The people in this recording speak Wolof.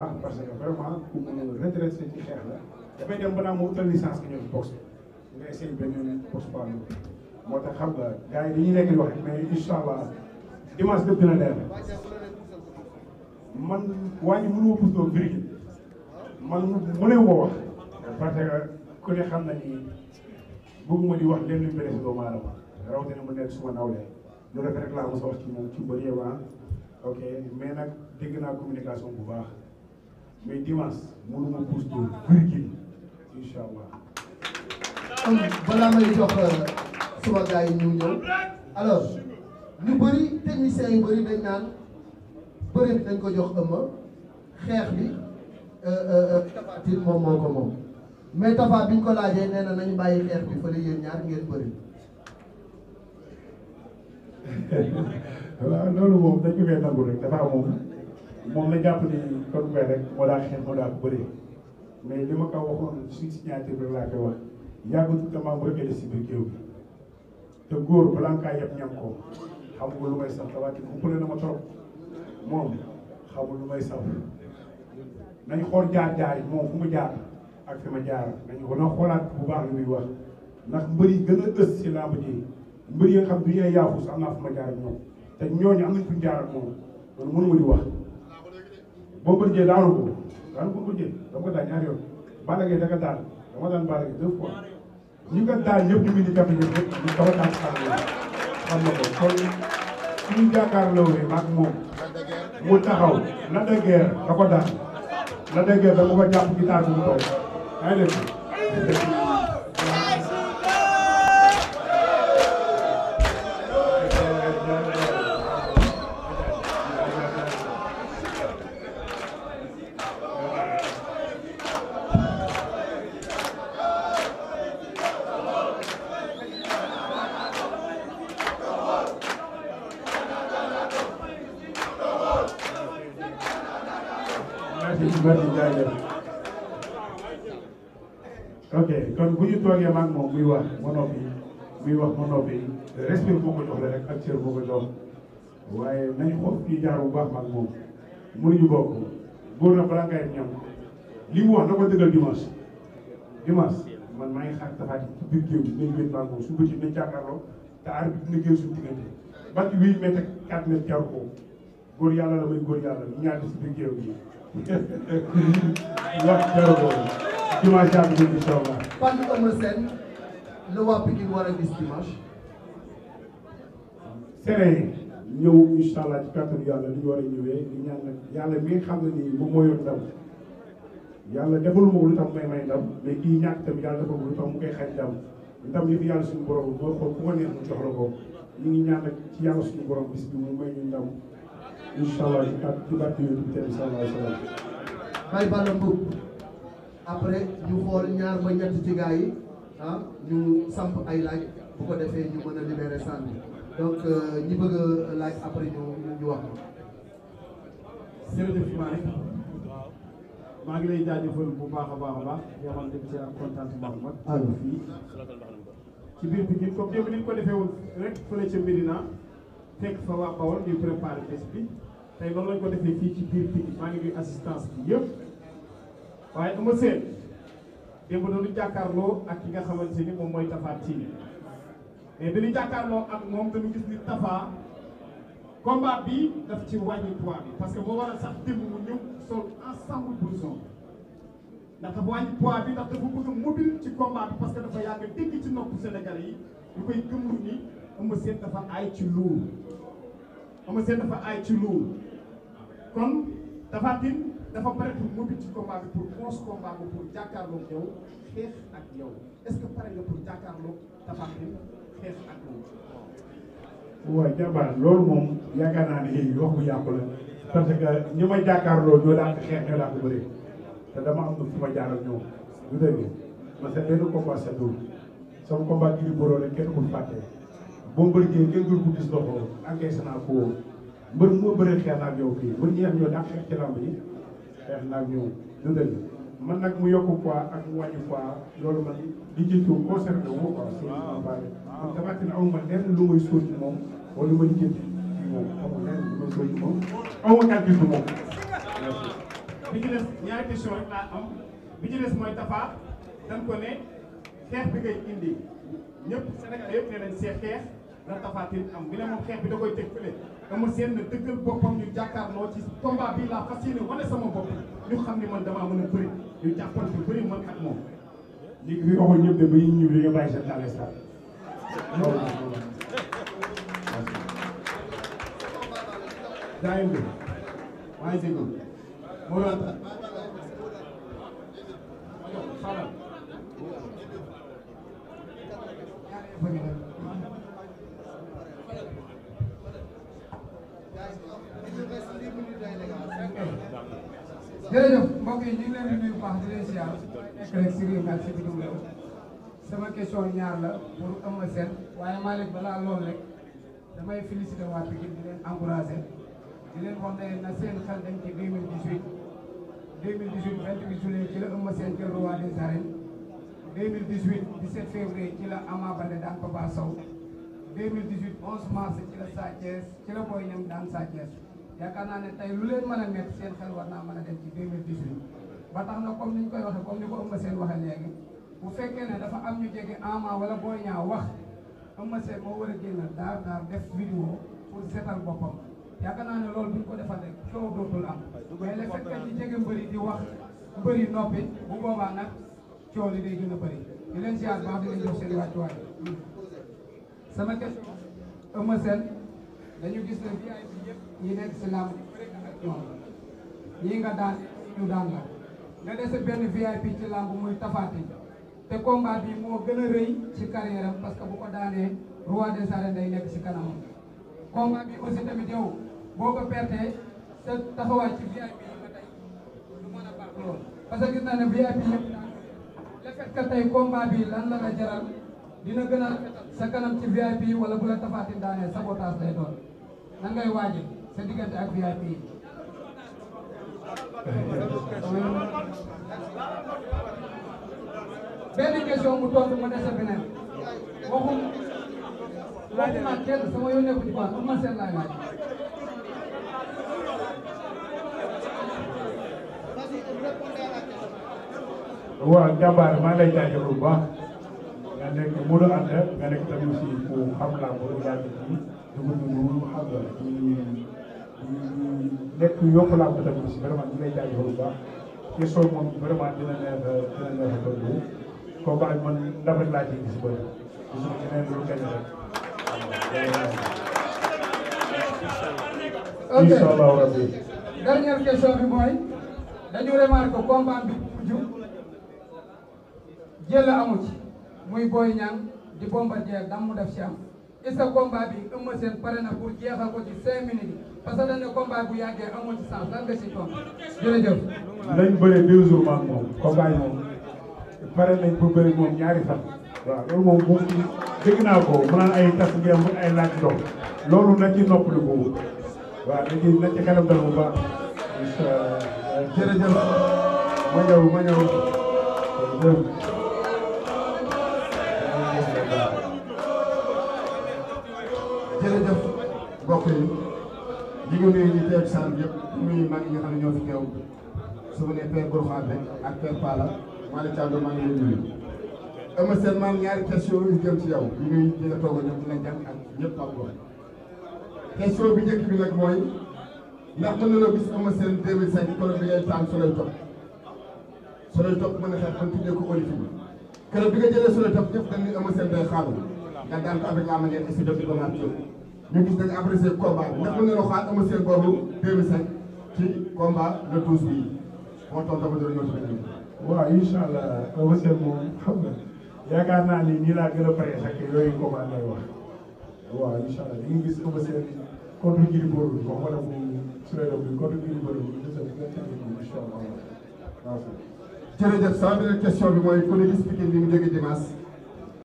Ah, parce que vraiment ku mu redressé ci xeex moo tax xam nga gars yi dañuy nekk di wax mais incha allah dimanche dëpp dina leer ne xam na ni bëgguma wax lenn blessé doomu aadama mu nekk suma nawle loolu rek laa mos a wax ci moom ci bëri ah. ok mais nag dégg naa communication bu baax. mais dimanche mënuma pousse dóor virgule incha balaa may jox euh, suma gars yi ñu ñëw alors ñu bëri techniciens yu bëri dañ naan bëri bi dañ ko jox ëmma xeex bi euh, euh, tafatil moom moo ko moom mais tafa biñ ko laajee nee nañu bàyyi xeex bi fële yéen ñaar ngeen bëri. waaw loolu moom dañ ko koy nangu rek dafa moom. moom la jàpp ni Codou Mbaye rek moo daa xeex moo daa ko bëree mais li ma ko waxoon suñu signature bi laa koy wax yàggutu damaa bëgg si biir géew bi te góor balaa nga kaa yeb ñam ko xamul lu may saf tawaati kumpale na ma trop moom xamul lu may saf nañ xool jaar-jaar yi moom fu mu jaar ak fi ma jaar nañu ko na xoolaat bu baax li muy wax ndax mbër yi gën a ës si làmb ji mbër yi nga xam du yee yaafus am naa fu ma jaar ak ñoom te ñooñu am nañ fu jaar ak moom loolu wax Bombardier daanu ko daanu Bombardier dama ko daan ñaari yoon Balla Gaye da nga daan dama daan Balla Gaye deux fois ñi nga daan ñëpp ñu ngi nii kàpp ñëpp ñu dama daan xam na ko kon suñu jàkkaarloo bi maag moom mu taxaw la de guerre da ko daan la de guerre dama ko jàpp gitaar bi mu toog yaa ngi dégg merci jaajëf ok kon bu ñu toogee maag moom muy wax ma noppi muy wax ma noppi respect boo ko jox la rek ak cër ko jox waaye nañ xool kii jaar bu baax maag moom mënuñu bokk góor na balaa ngay ñam li mu wax na ko dëggal dimanche dimanche man maa ngi xaar tafaati ci biir géew bi nañ gën maag moom su bëccëg nañ jàkkaarloo te arbitre dina géew suñu diggante ba ci huit mètres ak quatre mètres jaru ko góor yàlla la may góor yàlla ñu ñaari si biir géew gi wax jaraboo dimanche ak bi incha allah. Fan Eumeu Sène a yàlla li ñu ñëwee di nag yàlla mi xam ne nii moom moo yor yàlla defaluma ko lu tax may may ndam mais kii ñàkk tamit yàlla defal ko lu mu koy xañ ndam ndam yëpp yàlla suñu borom moo xool ku ko neex mu jox la ko nag ci yàlla suñu borom bis mu may ñu ndam. incha allah ci kàddu ci kàddu après ñu xool ñaar ba ñett ci gaa yi ah ñu samp ay laaj bu ko defee ñu mën a libérer sànni donc euh, ñi bëgg a laaj après ñu ñu wax. jërëjëf Malick maa ngi lay jaajëfal bu baax a baax a baax di amal dem ci ak kontaan baax a baax. fii ci biir bi ñu comme démb ni ñu ko defee woon rek fële ca Médina fekk fa waa Bawol ñu préparé bés bi. tey loolu lañ ko defee fii ci biir Pikine maa ngi nuyu assistance bi yëpp waaye ama seen démb doonu jàkkaarloo ak ki nga xamante ni moom mooy Tapha Tine mais dañu jàkkaarloo ak moom dañu gis ni Tapha combat bi daf ci wàññi poids bi parce que moo war a sax démb mu ñëw sol ensemble blouson ndax dafa wàññi poids bi ndax dafa bëgg a mobile ci combat parce que dafa yàgg dégg ci nopp senegal yi ñu koy gëmul ni ama dafa aay ci loolu Eumeu Sène dafa aay ci loolu kon Tapha Tine dafa pare pour mobile ci combat bi pour onze combat bi pour jàkkaarloog yow xeex ak yow est-ce que pare nga pour jàkkaarloog Tapha Tine xeex ak yow. waaw jàmbaar loolu moom yaakaar naa ne léegi wax bu yàqu la parce que ñi ma jàkkaarloo ñoo daan xeex ñoo daan ko bëri te dama am lu fi ma jaaral ñoom du dégg ma sa benn combat sa dóor sama combat kii di boroo rek kenn ko fàtte. boo bëggee kenn gën ko gis loxo encaissé naa ko woon mbër moo bëree xeex naa ak yow fii mbër ñi am ñoo daa xeex ci làmb yi xeex naa ak ñoom dëgg man nag mu yokk poids ak mu wàññi poids loolu man li ci tuub concerné wu ma quoi. waaw waaw damaa ne aw ma lenn lu may sóor ci moom wala ma jënd ci moom aw ma lenn lu may sóor ci moom aw ma kàddu ci moom. merci. bi ci des ñaari question rek laa am bi ci des mooy Tapha dañ ko ne xeex bi ngay indi ñëpp Sénégal yëpp nee nañ see xeex. la tafaatin am bi ne moom xeex bi da koy teg fële amul seen na dëggal boppam ñu jàkkaarloo ci combat bi laa fas yéene sama bopp ñu xam ne man damaa mën a bëri ñu jàppoon bi bëri man ak moom léegi bi waxoon ñëpp de ba ñu ñibbi nga bàyyi sa tàlle sa daa yëngu jërëjëf mbokk yi ñu ngi leen di nuyu di leen ziar nekk rek si réew mi ak si bitim réew sama question ñaar la pour Eumeu Sène waaye Malick balaa loolu rek damay félicité waa Pikine di leen encouragé di leen wax ne na seen xel dem ci 2018 2018 28 juillet ci la Eumeu Sène jël roi des arènes 2018 17 février ci la Ama Baldé daan Papa Sow 2018 11 mars ci la Sa Thiès ci la Boy Niang daan Sa Thiès yaakaar naa ne tey lu leen mën a nekk seen xel war naa mën a dem ci 2018 ba tax na comme ni ñu koy waxee comme ni ko Eumeu Sène waxee léegi bu fekkee ne dafa am ñu jege Ama wala booy Niang wax Eumeu Sène moo war a génn daar daar def vidéo pour seetal boppam yaakaar naa ne loolu bu ñu ko defal rek coow dootul am mais le fait que ñu jege mbëri di wax mbëri noppi bu boobaa nag coow li day gën a bëri di leen ziar baax di leen jox seen wàccuwaay sama question Eumeu Sène dañu gis ne ñi nekk si làmb ñoom nga daan ñu daan la nga dese benn VIP ci làmb mooy tafaati te combat bi moo gën a rëy ci carrière parce que bu ko daanee roi des arènes day nekk si kanamam. combat bi aussi tamit yow boo ko pertee sa taxawaay ci VIP yi nga tey a baax lool parce que gis naa ne VIP yëpp le fait que tey bi lan la la jaral dina gën a sa kanam ci VIP wala bu la tafaatin daanee sabotage lay doon nan ngay waajal sa diggante ak VIP yi. benn question mu tontu ma dese beneen waxum waxuma kenn sama yoon nekku ci quoi pour ma seen laay laaj. waaw jàmbaar maa ngi lay jaajëfal bu mu doon nga nekk tamit aussi ku xam laa ko daal di kii dugg dugg xam nga nekk yokk laa ko tamit aussi vraiment ñu lay jaajëfal bu baax question moom vraiment dina neex dina neex a tontu kooku ak man ndam rek laa ciy gis ba gisul keneen lu gañ rek. ok incha allah rabbi. dernière question bi mooy dañu remarqué combat bi mujj jël amu ci. muy Boy Niang di Bombardier dam mu def ci am est-ce que combat bi Eumeu Sène pare na pour jeexal ko ci cinq minutes parce que dañ ne combat bu yàggee amul ci nga ci toog jërëjëf. lañ bëree deux jours maag moom combat yi pare nañ pour bëri moom ñaari fan. waaw loolu moom moom dégg naa ko mu naan ay tas ngeen mën ay laaj ndox loolu na ci noppali ko waaw na ci na ci kanam dal bu baax. incha allah jërëjëf ma ñëw ma ñëw jërëjëf. jërëjëf mbokk yi ñu ngi nuyu ñu teew saal bi yëpp nuyu mag ñi nga xam ne ñoo fi teew su ma nee Père Gourxaate ak Père Pala Malick Thiandoum maa ngi leen nuyu. Eumeu Sène maam ñaari question yu jëm ci yow ñu ngi dina toog ñoom dina jàng ak ñëpp Pape Boy question bi njëkk bi nag mooy ndax mën na la gis Eumeu Sène 2005 keroog bi ngay taal soloy topp soloy topp mën a xeex ban tuddee ko olifin keroog bi nga jëlee soloy topp ñëpp dañ ni Eumeu Sène day xaaru nga daan ko avec la manière est-ce que def di ko ñu gis nañu apprécié combat bi ndax mën nañoo xaar am seen boobu 2005 ci combat le 12 bii moo bi. waaw incha allah am seen moom xam nga naa ni nii laa gën a pare sax yooyu combat lay wax waaw incha allah ñu ngi gis am seen contre Gris Bordeaux boo xam ne suñu doom bi contre Gris Bordeaux bi ñu desal gën a tënk incha allah. jërëjëf sa beneen question bi mooy ku ne gis